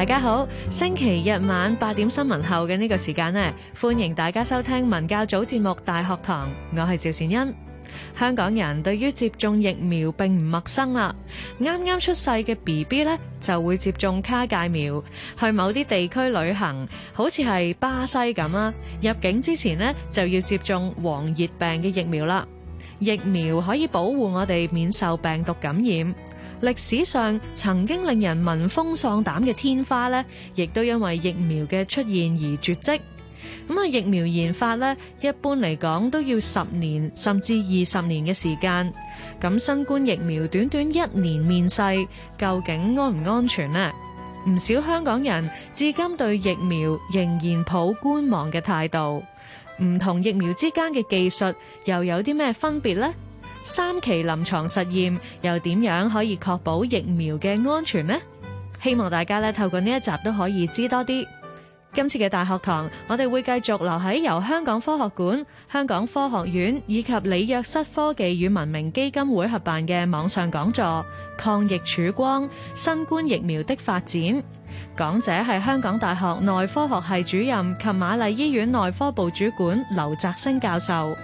大家好，星期日晚八點新聞後嘅呢個時間呢，歡迎大家收聽文教組節目《大學堂》，我係趙善恩。香港人對於接種疫苗並唔陌生啦，啱啱出世嘅 B B 咧，就會接種卡介苗。去某啲地區旅行，好似係巴西咁啊。入境之前呢，就要接種黃熱病嘅疫苗啦。疫苗可以保護我哋免受病毒感染。歷史上曾經令人聞風喪膽嘅天花呢，亦都因為疫苗嘅出現而絕跡。咁啊，疫苗研發呢，一般嚟講都要十年甚至二十年嘅時間。咁新冠疫苗短短一年面世，究竟安唔安全呢？唔少香港人至今對疫苗仍然抱觀望嘅態度。唔同疫苗之間嘅技術又有啲咩分別呢？三期臨床實驗又點樣可以確保疫苗嘅安全呢？希望大家咧透過呢一集都可以知多啲。今次嘅大學堂，我哋會繼續留喺由香港科學館、香港科學院以及李約瑟科技與文明基金會合辦嘅網上講座《抗疫曙光：新冠疫苗的發展》。講者係香港大學內科學系主任及瑪麗醫院內科部主管劉澤星教授。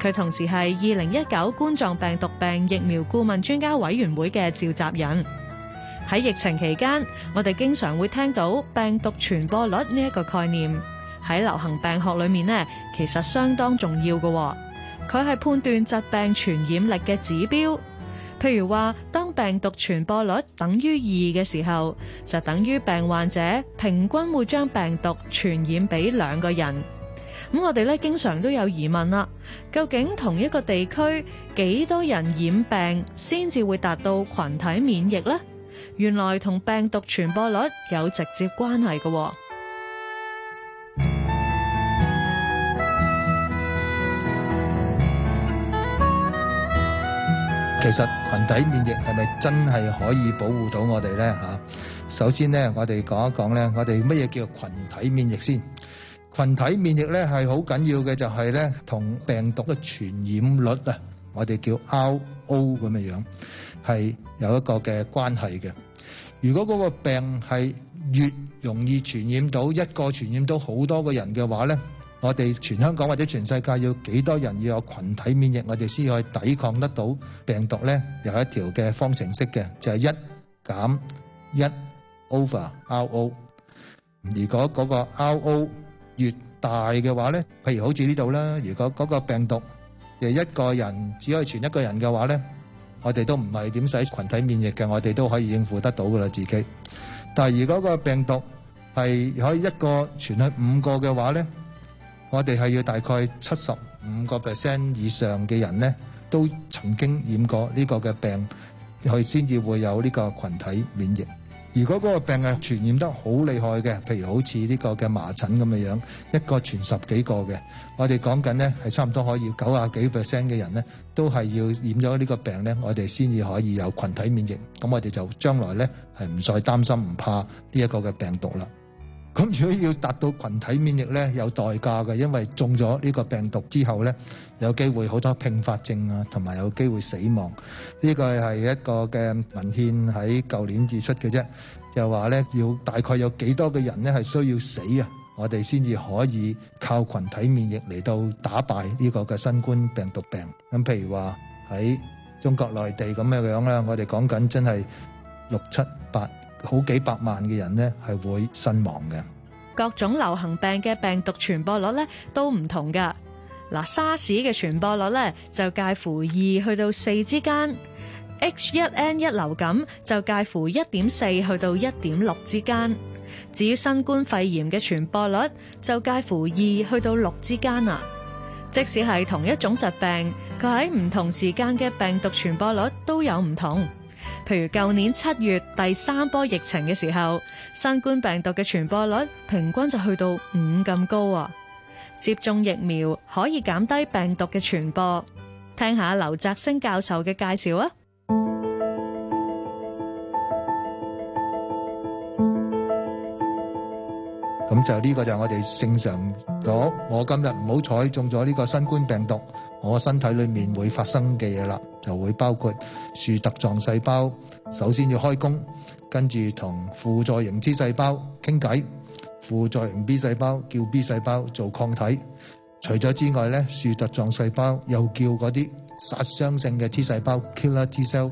佢同時係二零一九冠狀病毒病疫苗顧問專家委員會嘅召集人。喺疫情期間，我哋經常會聽到病毒傳播率呢一個概念，喺流行病學裏面呢，其實相當重要嘅。佢係判斷疾病傳染力嘅指標。譬如話，當病毒傳播率等於二嘅時候，就等於病患者平均會將病毒傳染俾兩個人。咁我哋咧經常都有疑問啦，究竟同一個地區幾多人染病先至會達到群體免疫呢？原來同病毒傳播率有直接關係嘅喎。其實群體免疫係咪真係可以保護到我哋呢？吓，首先呢，我哋講一講咧，我哋乜嘢叫群體免疫先？群體免疫咧係好緊要嘅，就係咧同病毒嘅傳染率啊，我哋叫 R O 咁嘅樣，係有一個嘅關係嘅。如果嗰個病係越容易傳染到一個傳染到好多個人嘅話咧，我哋全香港或者全世界要幾多人要有群體免疫，我哋先可以抵抗得到病毒咧？有一條嘅方程式嘅就係一減一 over R O。如果嗰個 R O 越大嘅話咧，譬如好似呢度啦，如果嗰個病毒，係一個人只可以傳一個人嘅話咧，我哋都唔係點使群體免疫嘅，我哋都可以應付得到噶啦自己。但係如果個病毒係可以一個傳去五個嘅話咧，我哋係要大概七十五個 percent 以上嘅人咧，都曾經染過呢個嘅病，佢先至會有呢個群體免疫。如果嗰個病係傳染得好厲害嘅，譬如好似呢個嘅麻疹咁嘅樣，一個傳十幾個嘅，我哋講緊咧係差唔多可以九十幾 percent 嘅人咧，都係要染咗呢個病咧，我哋先至可以有群體免疫，咁我哋就將來咧係唔再擔心唔怕呢一個嘅病毒啦。咁如果要達到群體免疫咧，有代價嘅，因為中咗呢個病毒之後咧，有機會好多併發症啊，同埋有機會死亡。呢個係一個嘅文獻喺舊年至出嘅啫，就話咧要大概有幾多嘅人咧係需要死啊，我哋先至可以靠群體免疫嚟到打敗呢個嘅新冠病毒病。咁譬如話喺中國內地咁樣樣啦，我哋講緊真係六七八。好幾百萬嘅人呢係會身亡嘅。各種流行病嘅病毒傳播率咧都唔同㗎。嗱，沙士嘅傳播率咧就介乎二去到四之間，H 一 N 一流感就介乎一點四去到一點六之間。至於新冠肺炎嘅傳播率就介乎二去到六之間啊。即使係同一種疾病，佢喺唔同時間嘅病毒傳播率都有唔同。譬如舊年七月第三波疫情嘅時候，新冠病毒嘅傳播率平均就去到五咁高啊！接種疫苗可以減低病毒嘅傳播，聽下劉澤星教授嘅介紹啊！就呢個就係我哋正常咗，我今日唔好彩中咗呢個新冠病毒，我身體裏面會發生嘅嘢啦，就會包括樹突狀細胞首先要開工，跟住同輔助型 T 細胞傾偈，輔助型 B 細胞叫 B 細胞做抗體，除咗之外呢樹突狀細胞又叫嗰啲殺傷性嘅 T 細胞 （killer T cell）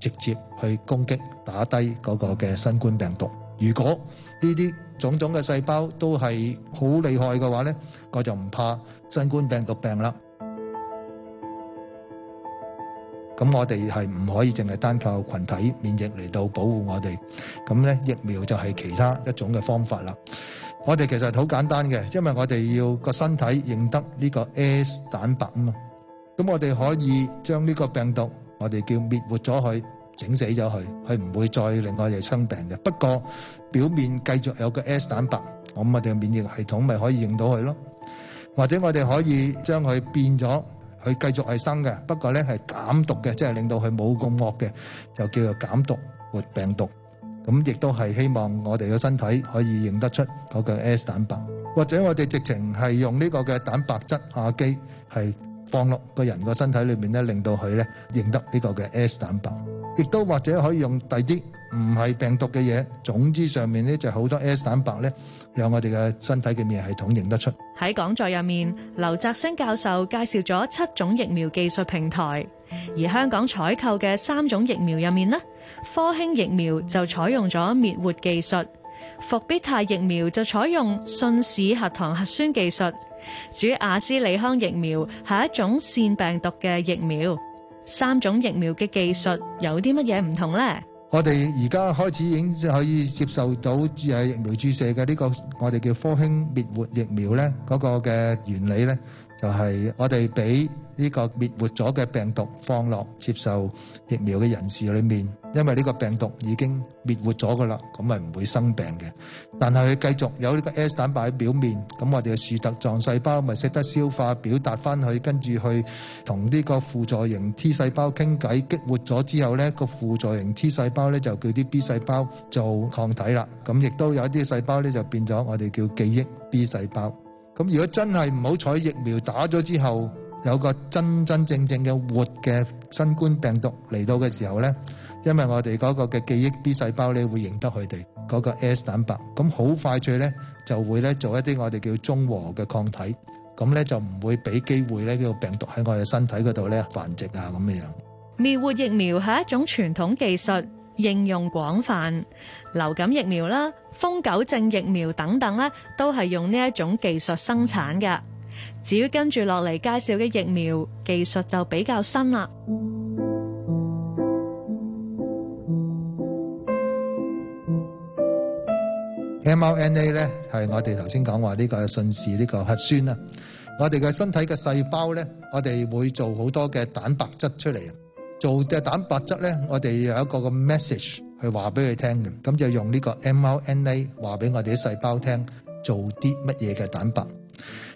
直接去攻擊打低嗰個嘅新冠病毒。如果呢啲種種嘅細胞都係好厲害嘅話呢，我就唔怕新冠病毒病啦。咁我哋係唔可以淨係單靠群體免疫嚟到保護我哋，咁呢疫苗就係其他一種嘅方法啦。我哋其實好簡單嘅，因為我哋要個身體認得呢個 S 蛋白啊嘛。咁我哋可以將呢個病毒，我哋叫滅活咗佢。整死咗佢，佢唔會再令我哋生病嘅。不過表面繼續有個 S 蛋白，我咁我哋免疫系統咪可以認到佢咯？或者我哋可以將佢變咗，佢繼續係生嘅，不過咧係減毒嘅，即係令到佢冇咁惡嘅，就叫做減毒活病毒。咁亦都係希望我哋嘅身體可以認得出嗰個 S 蛋白，或者我哋直情係用呢個嘅蛋白質亞基係放落個人個身體裏面咧，令到佢咧認得呢個嘅 S 蛋白。亦都或者可以用第啲唔係病毒嘅嘢，總之上面咧就好多 S 蛋白咧，有我哋嘅身體嘅免疫系統認得出。喺講座入面，劉澤星教授介紹咗七種疫苗技術平台，而香港採購嘅三種疫苗入面呢，科興疫苗就採用咗滅活技術，伏必泰疫苗就採用信使核糖核酸技術，至於阿斯利康疫苗係一種腺病毒嘅疫苗。三種疫苗嘅技術有啲乜嘢唔同咧？我哋而家開始已經可以接受到誒疫苗注射嘅呢個，我哋叫科興滅活疫苗咧，嗰個嘅原理咧，就係我哋俾。呢個滅活咗嘅病毒放落接受疫苗嘅人士裏面，因為呢個病毒已經滅活咗噶啦，咁咪唔會生病嘅。但係佢繼續有呢個 S 蛋白喺表面，咁我哋嘅樹突狀細胞咪識得消化表達翻去，跟住去同呢個輔助型 T 細胞傾偈，激活咗之後咧，呢個輔助型 T 細胞呢就叫啲 B 細胞做抗體啦。咁亦都有一啲細胞呢就變咗我哋叫記憶 B 細胞。咁如果真係唔好彩，疫苗打咗之後。有個真真正正嘅活嘅新冠病毒嚟到嘅時候呢，因為我哋嗰個嘅記憶 B 細胞咧會認得佢哋嗰個 S 蛋白，咁好快脆呢，就會呢做一啲我哋叫中和嘅抗體，咁呢，就唔會俾機會呢個病毒喺我哋身體嗰度呢繁殖啊咁樣。滅活疫苗係一種傳統技術，應用廣泛，流感疫苗啦、瘋狗症疫苗等等呢都係用呢一種技術生產嘅。至於跟住落嚟介紹嘅疫苗技術就比較新啦。mRNA 咧係我哋頭先講話呢個信使呢個核酸啦。我哋嘅身體嘅細胞咧，我哋會做好多嘅蛋白質出嚟。做嘅蛋白質咧，我哋有一個個 message 去話俾佢聽嘅。咁就用呢個 mRNA 話俾我哋啲細胞聽，做啲乜嘢嘅蛋白。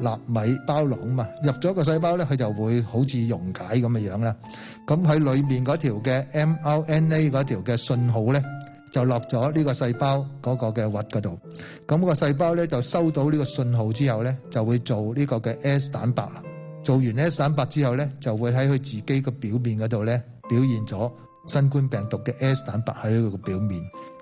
納米包囊嘛，入咗個細胞咧，佢就會好似溶解咁嘅樣啦。咁喺裏面嗰條嘅 mRNA 嗰條嘅信號咧，就落咗、那個、呢個細胞嗰個嘅核嗰度。咁個細胞咧就收到呢個信號之後咧，就會做呢個嘅 S 蛋白啦。做完 S 蛋白之後咧，就會喺佢自己個表面嗰度咧表現咗新冠病毒嘅 S 蛋白喺佢個表面。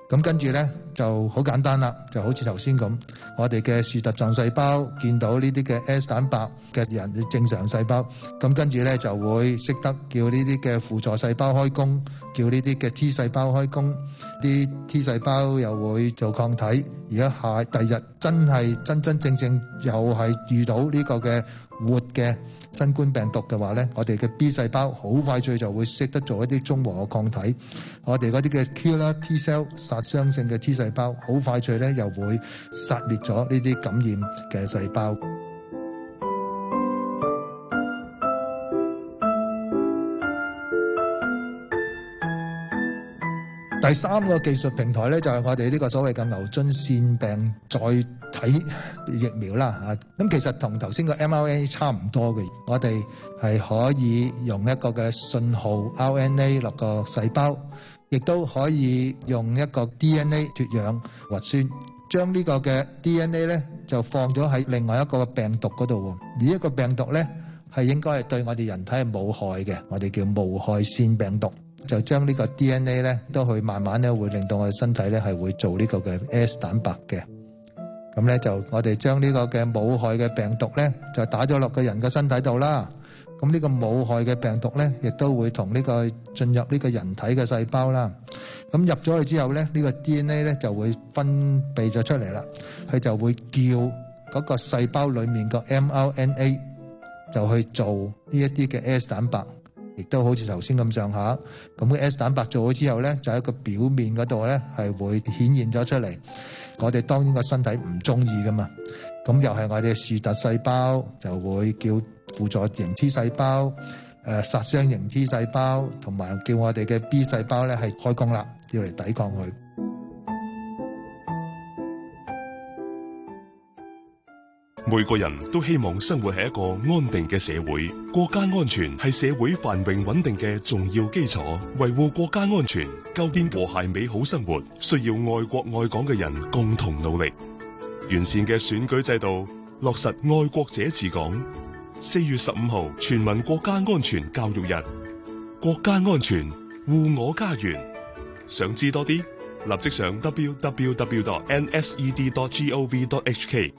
咁跟住呢就好簡單啦，就好似頭先咁，我哋嘅樹突狀細胞見到呢啲嘅 S 蛋白嘅人正常細胞，咁跟住呢就會識得叫呢啲嘅輔助細胞開工，叫呢啲嘅 T 細胞開工，啲 T 細胞又會做抗體，而家下第二日真係真真正正又係遇到呢個嘅活嘅新冠病毒嘅話咧，我哋嘅 B 細胞好快脆就會識得做一啲中和嘅抗體，我哋嗰啲嘅 killer T cell 殺傷性嘅 T 細胞好快脆咧又會殺滅咗呢啲感染嘅細胞。第三個技術平台咧，就係我哋呢個所謂嘅牛津腺病載體疫苗啦吓。咁其實同頭先個 mRNA 差唔多嘅，我哋係可以用一個嘅信號 RNA 落個細胞，亦都可以用一個 DNA 脫氧核酸，將呢個嘅 DNA 咧就放咗喺另外一個病毒嗰度呢。而一個病毒咧係應該係對我哋人體係無害嘅，我哋叫無害腺病毒。就將呢個 DNA 咧，都去慢慢咧，會令到我哋身體咧係會做呢個嘅 S 蛋白嘅。咁咧就我哋將呢個嘅冇害嘅病毒咧，就打咗落個人嘅身體度啦。咁呢個冇害嘅病毒咧，亦都會同呢個進入呢個人體嘅細胞啦。咁入咗去之後咧，呢個 DNA 咧就會分泌咗出嚟啦。佢就會叫嗰個細胞裏面個 mRNA 就去做呢一啲嘅 S 蛋白。亦都好似頭先咁上下，咁嘅 S 蛋白做好之後咧，就喺個表面嗰度咧係會顯現咗出嚟。我哋當然個身體唔中意噶嘛，咁又係我哋嘅樹突細胞就會叫輔助型 T 細胞、誒殺傷型 T 細胞，同、呃、埋叫我哋嘅 B 細胞咧係開工啦，要嚟抵抗佢。每個人都希望生活喺一個安定嘅社會。國家安全係社會繁榮穩定嘅重要基礎。維護國家安全，構建和諧美好生活，需要愛國愛港嘅人共同努力。完善嘅選舉制度，落實愛國者治港。四月十五號，全民國家安全教育日。國家安全，護我家園。想知多啲，立即上 www.nsed.gov.hk。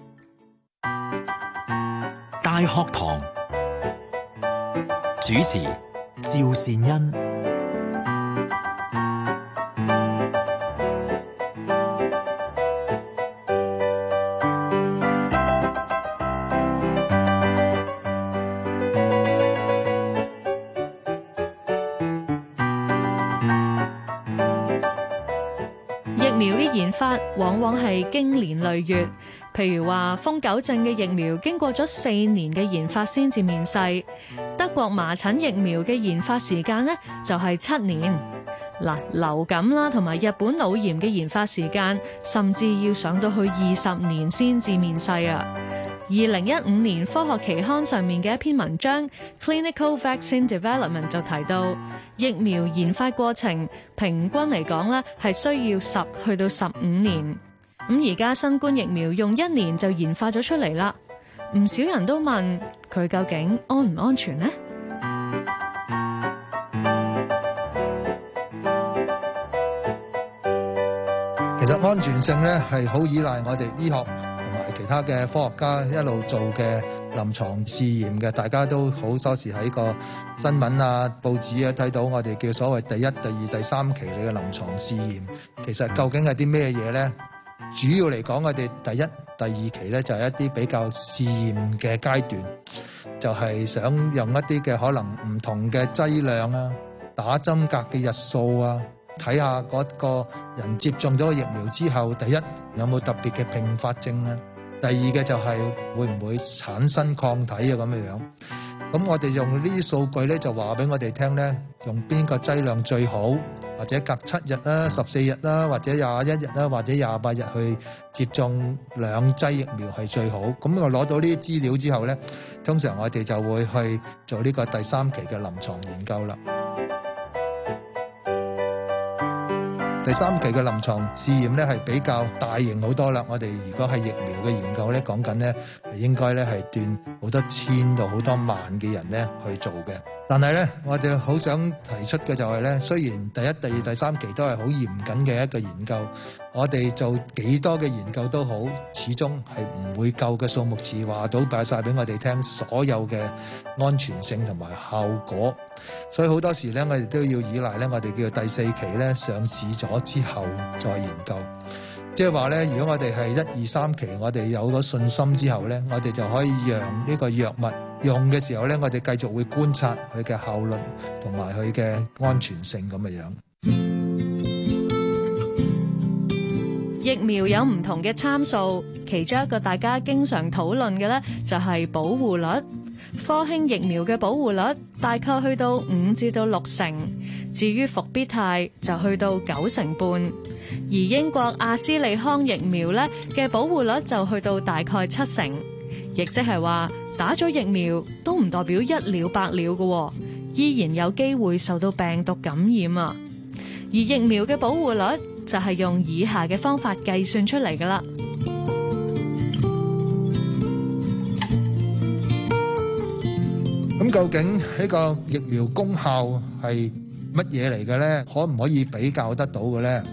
大學堂主持趙善恩，疫苗嘅研發往往係經年累月。譬如話，瘋狗症嘅疫苗經過咗四年嘅研發先至面世；德國麻疹疫苗嘅研發時間呢就係七年。嗱，流感啦，同埋日本腦炎嘅研發時間甚至要上到去二十年先至面世啊！二零一五年《科學期刊》上面嘅一篇文章《Clinical Vaccine Development》就提到，疫苗研發過程平均嚟講呢係需要十去到十五年。咁而家新冠疫苗用一年就研發咗出嚟啦，唔少人都問佢究竟安唔安全呢？其實安全性咧係好依賴我哋醫學同埋其他嘅科學家一路做嘅臨床試驗嘅，大家都好多時喺個新聞啊、報紙啊睇到我哋叫所謂第一、第二、第三期嘅臨床試驗，其實究竟係啲咩嘢呢？主要嚟講，我哋第一、第二期呢就係一啲比較試驗嘅階段，就係想用一啲嘅可能唔同嘅劑量啊，打針隔嘅日數啊，睇下嗰個人接種咗疫苗之後，第一有冇特別嘅併發症啊？第二嘅就係會唔會產生抗體啊？咁樣樣。咁我哋用呢啲數據咧，就話俾我哋聽咧，用邊個劑量最好，或者隔七日啦、啊、十四日啦、啊、或者廿一日啦、啊、或者廿八日去接種兩劑疫苗係最好。咁我攞到呢啲資料之後咧，通常我哋就會去做呢個第三期嘅臨床研究啦。第三期嘅臨床試驗咧係比較大型好多啦，我哋如果係疫苗嘅研究咧，講緊咧應該咧係斷好多千到好多萬嘅人咧去做嘅。但係咧，我就好想提出嘅就係咧，雖然第一、第二、第三期都係好嚴謹嘅一個研究，我哋做幾多嘅研究都好，始終係唔會夠嘅數目，字話到擺晒俾我哋聽所有嘅安全性同埋效果。所以好多時咧，我哋都要依賴咧，我哋叫做第四期咧上市咗之後再研究。即係話咧，如果我哋係一二三期，我哋有咗信心之後咧，我哋就可以讓呢個藥物。用嘅時候咧，我哋繼續會觀察佢嘅效率同埋佢嘅安全性咁嘅樣。疫苗有唔同嘅參數，其中一個大家經常討論嘅咧就係保護率。科興疫苗嘅保護率大概去到五至到六成，至於復必泰就去到九成半，而英國阿斯利康疫苗咧嘅保護率就去到大概七成，亦即係話。打咗疫苗都唔代表一了百了嘅，依然有機會受到病毒感染啊！而疫苗嘅保護率就係用以下嘅方法計算出嚟噶啦。咁究竟呢個疫苗功效係乜嘢嚟嘅咧？可唔可以比較得到嘅咧？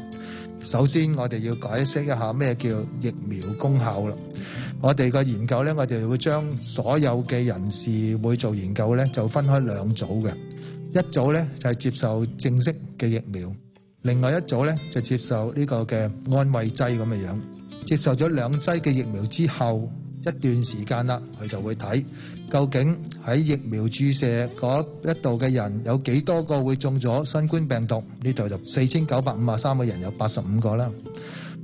首先我哋要解釋一下咩叫疫苗功效啦。我哋個研究呢，我就會將所有嘅人士會做研究呢，就分開兩組嘅。一組呢就係接受正式嘅疫苗，另外一組呢就接受呢個嘅安慰劑咁嘅樣。接受咗兩劑嘅疫苗之後一段時間啦，佢就會睇究竟喺疫苗注射嗰一度嘅人有幾多個會中咗新冠病毒？呢度就四千九百五十三個人有八十五個啦。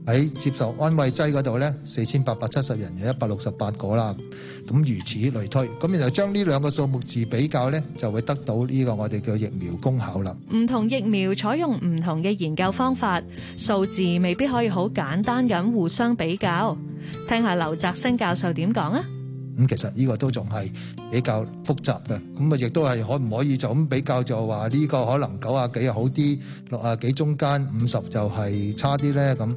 喺接受安慰劑嗰度咧，四千八百七十人有一百六十八個啦。咁如此類推，咁然後將呢兩個數目字比較咧，就會得到呢個我哋叫疫苗功效啦。唔同疫苗採用唔同嘅研究方法，數字未必可以好簡單咁互相比較。聽下劉澤星教授點講啊？咁其實呢個都仲係比較複雜嘅，咁啊亦都係可唔可以就咁比較就話呢個可能九啊幾好啲，六啊幾中間五十就係差啲咧？咁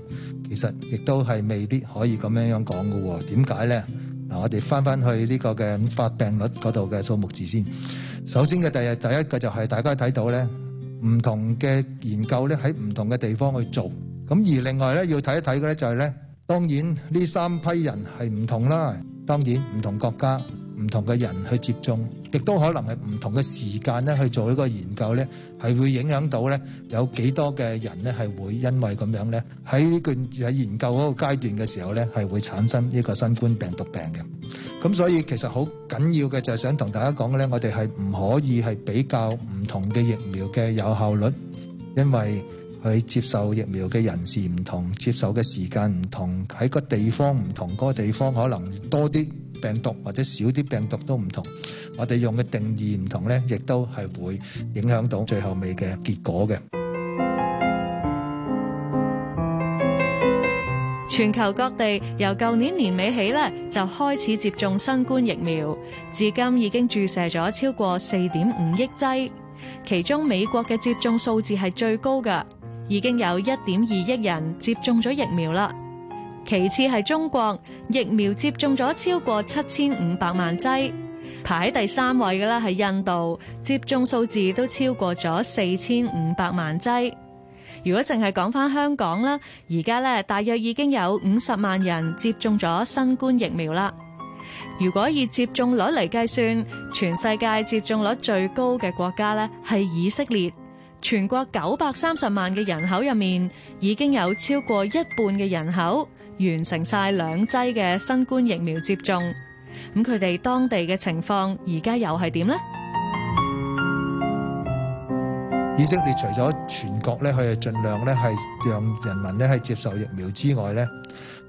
其實亦都係未必可以咁樣樣講嘅。點解咧？嗱，我哋翻翻去呢個嘅發病率嗰度嘅數目字先。首先嘅第日第一個就係大家睇到咧，唔同嘅研究咧喺唔同嘅地方去做。咁而另外咧要睇一睇嘅咧就係、是、咧，當然呢三批人係唔同啦。當然唔同國家唔同嘅人去接種，亦都可能係唔同嘅時間咧去做呢個研究咧，係會影響到咧有幾多嘅人咧係會因為咁樣咧喺呢個喺研究嗰個階段嘅時候咧係會產生呢個新冠病毒病嘅。咁所以其實好緊要嘅就係想同大家講咧，我哋係唔可以係比較唔同嘅疫苗嘅有效率，因為。佢接受疫苗嘅人士唔同，接受嘅時間唔同，喺個地方唔同，個個地方可能多啲病毒或者少啲病毒都唔同。我哋用嘅定義唔同咧，亦都係會影響到最後尾嘅結果嘅。全球各地由舊年年尾起咧，就開始接種新冠疫苗，至今已經注射咗超過四點五億劑，其中美國嘅接種數字係最高嘅。已經有一點二億人接種咗疫苗啦。其次係中國，疫苗接種咗超過七千五百萬劑。排喺第三位嘅咧係印度，接種數字都超過咗四千五百萬劑。如果淨係講返香港啦，而家咧大約已經有五十萬人接種咗新冠疫苗啦。如果以接種率嚟計算，全世界接種率最高嘅國家咧係以色列。全國九百三十萬嘅人口入面，已經有超過一半嘅人口完成晒兩劑嘅新冠疫苗接種。咁佢哋當地嘅情況而家又係點呢？以色列除咗全國咧，佢係盡量咧係讓人民咧係接受疫苗之外咧，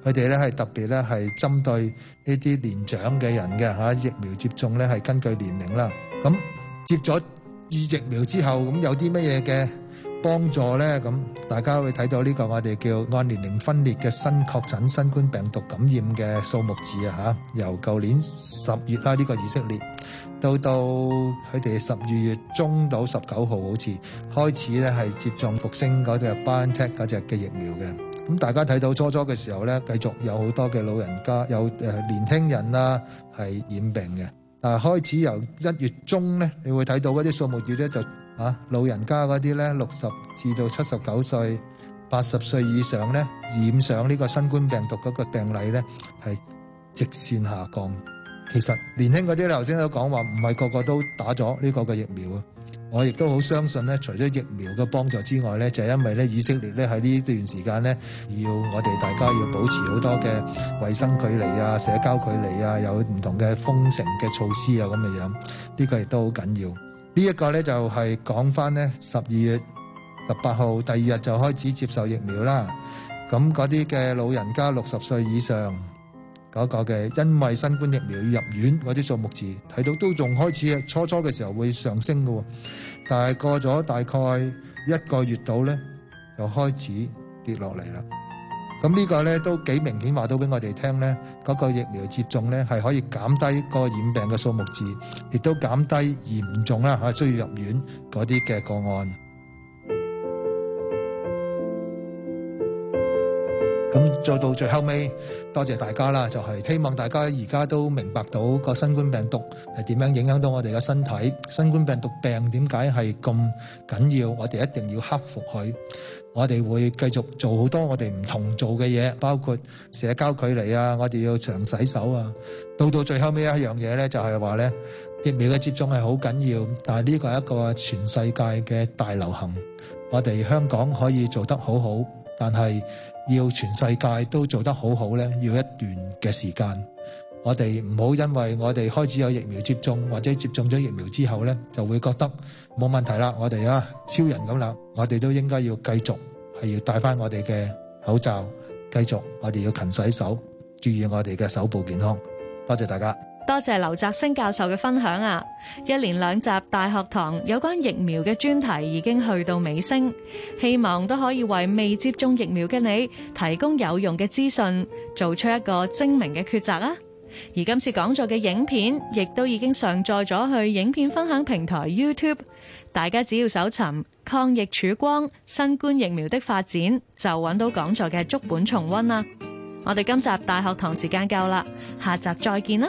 佢哋咧係特別咧係針對呢啲年長嘅人嘅吓疫苗接種咧係根據年齡啦，咁接咗。打疫，疫苗之後，咁有啲乜嘢嘅幫助呢？咁大家會睇到呢個我哋叫按年齡分裂嘅新確診新冠病毒感染嘅數目字啊！嚇，由舊年十月啦，呢、這個以色列到到佢哋十二月中到十九號好似開始咧係接種復星嗰隻 BNT 嗰隻嘅疫苗嘅。咁大家睇到初初嘅時候呢，繼續有好多嘅老人家有誒年輕人啦係染病嘅。啊！開始由一月中咧，你會睇到嗰啲數目表、就、咧、是，就啊老人家嗰啲咧，六十至到七十九歲、八十歲以上咧，染上呢個新冠病毒嗰個病例咧，係直線下降。其實年輕嗰啲，你頭先都講話唔係個個都打咗呢個嘅疫苗啊！我亦都好相信咧，除咗疫苗嘅幫助之外咧，就係因為咧以色列咧喺呢段時間咧，要我哋大家要保持好多嘅衛生距離啊、社交距離啊，有唔同嘅封城嘅措施啊咁嘅樣，呢個亦都好緊要。呢一個咧就係講翻咧十二月十八號第二日就開始接受疫苗啦。咁嗰啲嘅老人家六十歲以上。嗰個嘅因為新冠疫苗要入院嗰啲數目字睇到都仲開始初初嘅時候會上升喎。但係過咗大概一個月到咧，就開始跌落嚟啦。咁呢個咧都幾明顯話到俾我哋聽咧，嗰、嗰個疫苗接種咧係可以減低個染病嘅數目字，亦都減低嚴重啦嚇需要入院嗰啲嘅個案。咁做到最後尾，多謝大家啦。就係、是、希望大家而家都明白到個新冠病毒係點樣影響到我哋嘅身體。新冠病毒病點解係咁緊要？我哋一定要克服佢。我哋會繼續做好多我哋唔同做嘅嘢，包括社交距離啊，我哋要長洗手啊。到到最後尾一樣嘢咧，就係話咧疫苗嘅接種係好緊要。但係呢個係一個全世界嘅大流行，我哋香港可以做得好好，但係。要全世界都做得好好咧，要一段嘅時間。我哋唔好因為我哋開始有疫苗接種或者接種咗疫苗之後咧，就會覺得冇問題啦。我哋啊，超人咁啦，我哋都應該要繼續，係要戴翻我哋嘅口罩，繼續，我哋要勤洗手，注意我哋嘅手部健康。多謝大家。多謝劉澤星教授嘅分享啊！一連兩集大學堂有關疫苗嘅專題已經去到尾聲，希望都可以為未接種疫苗嘅你提供有用嘅資訊，做出一個精明嘅抉擇啦。而今次講座嘅影片亦都已經上載咗去影片分享平台 YouTube，大家只要搜尋抗疫曙光、新冠疫苗的發展，就揾到講座嘅足本重温啦。我哋今集大學堂時間夠啦，下集再見啦。